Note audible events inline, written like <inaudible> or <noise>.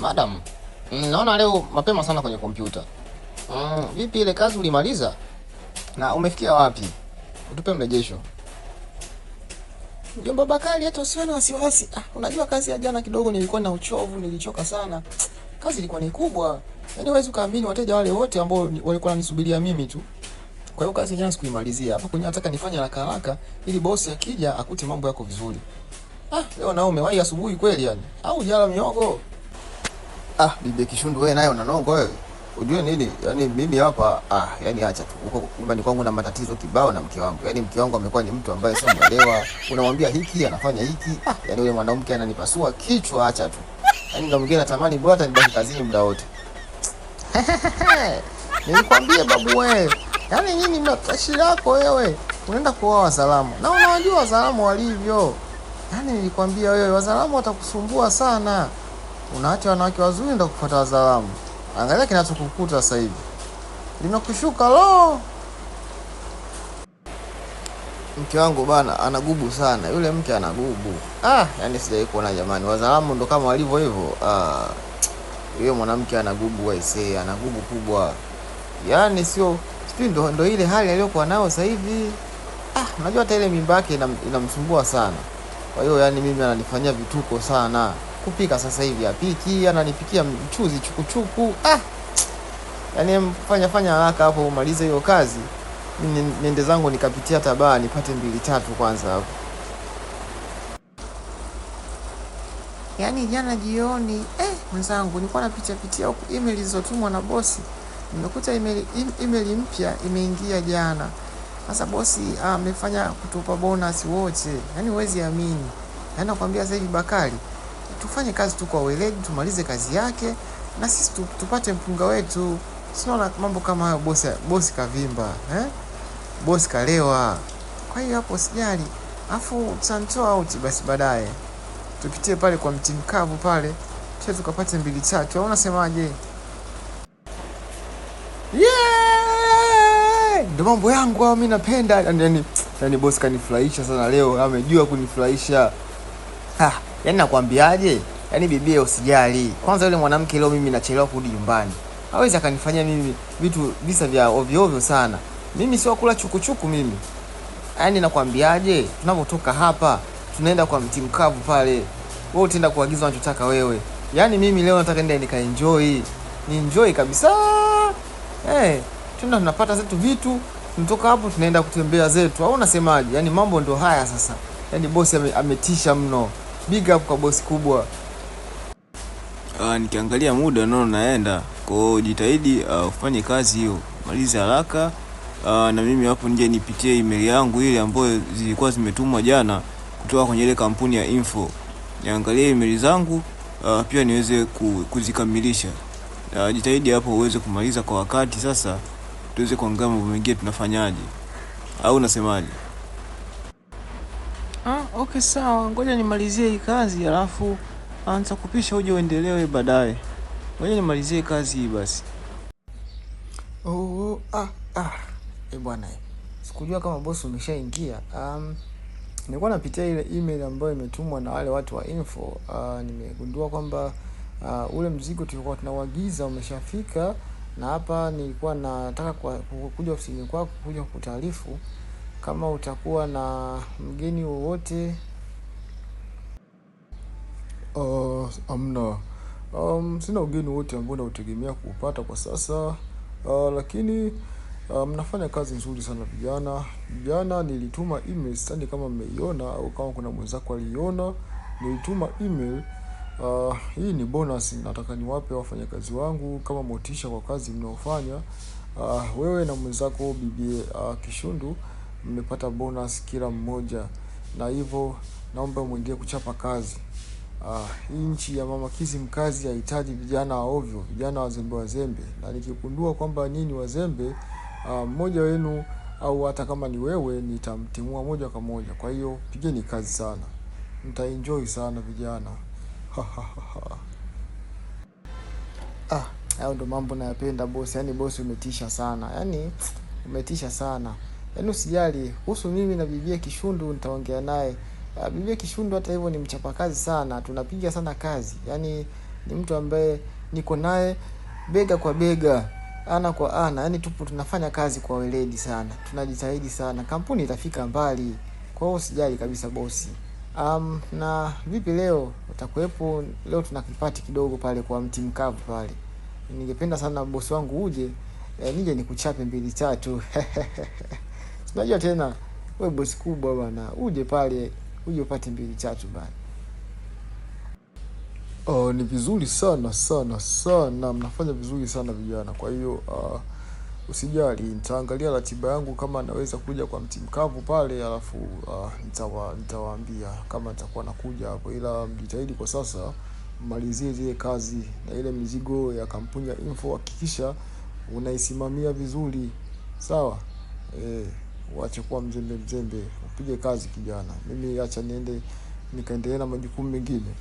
Madam, naona leo mapema sana kwenye kompyuta. Mm, vipi ile kazi ulimaliza? Na umefikia wapi? Utupe mrejesho. Mjomba Bakari, hata usiwe na wasiwasi. Ah, unajua kazi ya jana kidogo nilikuwa na uchovu, nilichoka sana. Kazi ilikuwa ni kubwa. Yaani huwezi ukaamini wateja wale wote ambao walikuwa wananisubiria mimi tu. Kwa hiyo kazi jana sikuimalizia. Hapo kwenye nataka nifanye haraka haraka ili bosi akija akute mambo yako vizuri. Ah, leo naume wahi asubuhi kweli yani. Au jala miogo ah, bibi Kishundu wewe naye unanongo wewe. Ujue nini? Yaani mimi hapa ah, yani acha tu. Huko nyumbani kwangu na matatizo kibao na mke wangu. Yaani mke wangu amekuwa ni mtu ambaye sio mwelewa. Unamwambia hiki anafanya hiki. Yaani yule mwanamke ananipasua kichwa acha tu. Yaani ndio mwingine natamani bora hata nibaki kazini muda wote. <laughs> Nilikwambia babu wewe. Yaani nyinyi kashi lako wewe. Unaenda kuoa Wazalamu. Na unawajua Wazalamu walivyo. Yaani nilikwambia wewe Wazalamu watakusumbua sana unaacha wanawake wazuri ndo kupata wazalamu. Angalia kinachokukuta sasa hivi, limekushuka lo. Mke wangu bana anagubu sana, yule mke anagubu. Ah, yani sijawahi kuona jamani, wazalamu ndo kama walivyo hivyo. Ah, huyo mwanamke anagubu waisee, anagubu kubwa, yani sio sijui ndo, ndo ile hali aliyokuwa nayo sasa hivi. Ah, unajua hata ile mimba yake inamsumbua sana, kwa hiyo yani mimi ananifanyia vituko sana kupika sasa hivi apiki, ananipikia mchuzi chukuchuku. Ah, yani fanya fanya haraka hapo umalize hiyo kazi, niende zangu nikapitia tabaa nipate mbili tatu kwanza hapo. Yaani jana jioni eh, mwenzangu nilikuwa napitia pitia huku email zilizotumwa na bosi, nimekuta email, email mpya imeingia jana. Sasa bosi ah, amefanya ah, kutupa bonus wote, yaani huwezi amini. Yaani nakwambia sasa hivi Bakari tufanye kazi tu kwa weledi, tumalize kazi yake na sisi tupate mpunga wetu. Sinaona mambo kama hayo. Bosi, bosi kavimba eh? Bosi kalewa. Kwa hiyo hapo sijali, afu tutantoa auti basi, baadaye tupitie pale kwa mti mkavu pale, kisha tukapate mbili tatu, au unasemaje? Ndo mambo yangu hao, mimi napenda yani, yani bosi kanifurahisha sana leo, amejua kunifurahisha ha. Yaani nakwambiaje? Yaani bibie, usijali kwanza. Yule mwanamke leo mimi nachelewa kurudi nyumbani, hawezi akanifanyia mimi vitu visa vya ovyo ovyo sana. Mimi sio kula chukuchuku mimi. Yaani nakwambiaje, tunavyotoka hapa tunaenda kwa mti mkavu pale, wewe utaenda kuagiza unachotaka wewe. Yaani mimi leo nataka nenda nikaenjoy, ni enjoy kabisa. Hey, eh, tunda tunapata zetu vitu tunatoka hapo tunaenda kutembea zetu, au unasemaje? Yaani mambo ndio haya sasa. Yaani bosi ametisha mno big up kwa bosi kubwa. Uh, nikiangalia muda nao naenda kwao, jitahidi uh, ufanye kazi hiyo, malize haraka uh, na mimi hapo nje nipitie email yangu ile ambayo zilikuwa zimetumwa jana kutoka kwenye ile kampuni ya info, niangalie email zangu uh, pia niweze kuzikamilisha. Uh, jitahidi hapo uweze kumaliza kwa wakati, sasa tuweze kuangalia mambo mengine tunafanyaje, au unasemaje? Ah, okay sawa, ngoja nimalizie hii kazi alafu ah, kupisha uje uendelewe baadaye. Ngoja nimalizie kazi hii basi. Oh, oh, ah, ah. E bwana. Sikujua kama boss umeshaingia. Um, nilikuwa napitia ile email ambayo imetumwa na wale watu wa info. Uh, nimegundua kwamba uh, ule mzigo tulikuwa tunauagiza umeshafika na hapa nilikuwa nataka kuja ofisini kwako kuja kukutaarifu kama utakuwa na mgeni wowote uh, amna um, sina ugeni wote ambao nautegemea kuupata kwa sasa uh, lakini mnafanya um, kazi nzuri sana vijana. vijana nilituma email, sitani kama mmeiona au kama kuna mwenzako aliiona. Nilituma email uh, hii ni bonus, nataka niwape wafanyakazi wangu kama motisha kwa kazi mnaofanya. Uh, wewe na mwenzako bibi uh, Kishundu mmepata bonus kila mmoja, na hivyo naomba mwendelee kuchapa kazi. Uh, nchi ya mama kizi Mkazi hahitaji vijana waovyo vijana wazembe wazembe. Na nikigundua kwamba nini wazembe, ah, mmoja wenu au hata kama ni wewe, nitamtimua moja kwa moja. Kwa hiyo pigeni kazi sana, mtaenjoy sana vijana. Ah, ndo mambo nayapenda bosi. Yani bosi, umetisha sana, yani umetisha sana. Yaani usijali, husu mimi na Bibia Kishundu nitaongea naye. Uh, ah, Bibia Kishundu hata hivyo ni mchapakazi sana, tunapiga sana kazi. Yaani ni mtu ambaye niko naye bega kwa bega, ana kwa ana. Yaani tupo tunafanya kazi kwa weledi sana. Tunajitahidi sana. Kampuni itafika mbali. Kwa hiyo usijali kabisa bosi. Um, na vipi leo utakuwepo? Leo tuna kipati kidogo pale kwa mti mkavu pale. Ningependa sana bosi wangu uje, e, nije nikuchape mbili tatu. <laughs> Unajua tena we bosi kubwa bana uje pale uje upate mbili tatu bana Uh, oh, ni vizuri sana sana sana, mnafanya vizuri sana vijana. Kwa hiyo uh, usijali, nitaangalia ratiba yangu kama naweza kuja kwa mtimkavu pale, alafu uh, nitawa, nitawaambia kama nitakuwa nakuja hapo, ila mjitahidi kwa sasa mmalizie zile kazi na ile mizigo ya kampuni ya info, hakikisha unaisimamia vizuri, sawa eh uache kuwa mzembe mzembe, upige kazi kijana. Mimi acha niende nikaendelee na majukumu mengine.